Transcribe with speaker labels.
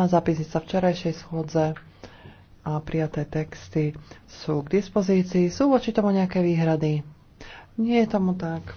Speaker 1: a sa včerajšej schôdze a prijaté texty sú k dispozícii. Sú voči tomu nejaké výhrady? Nie je tomu tak.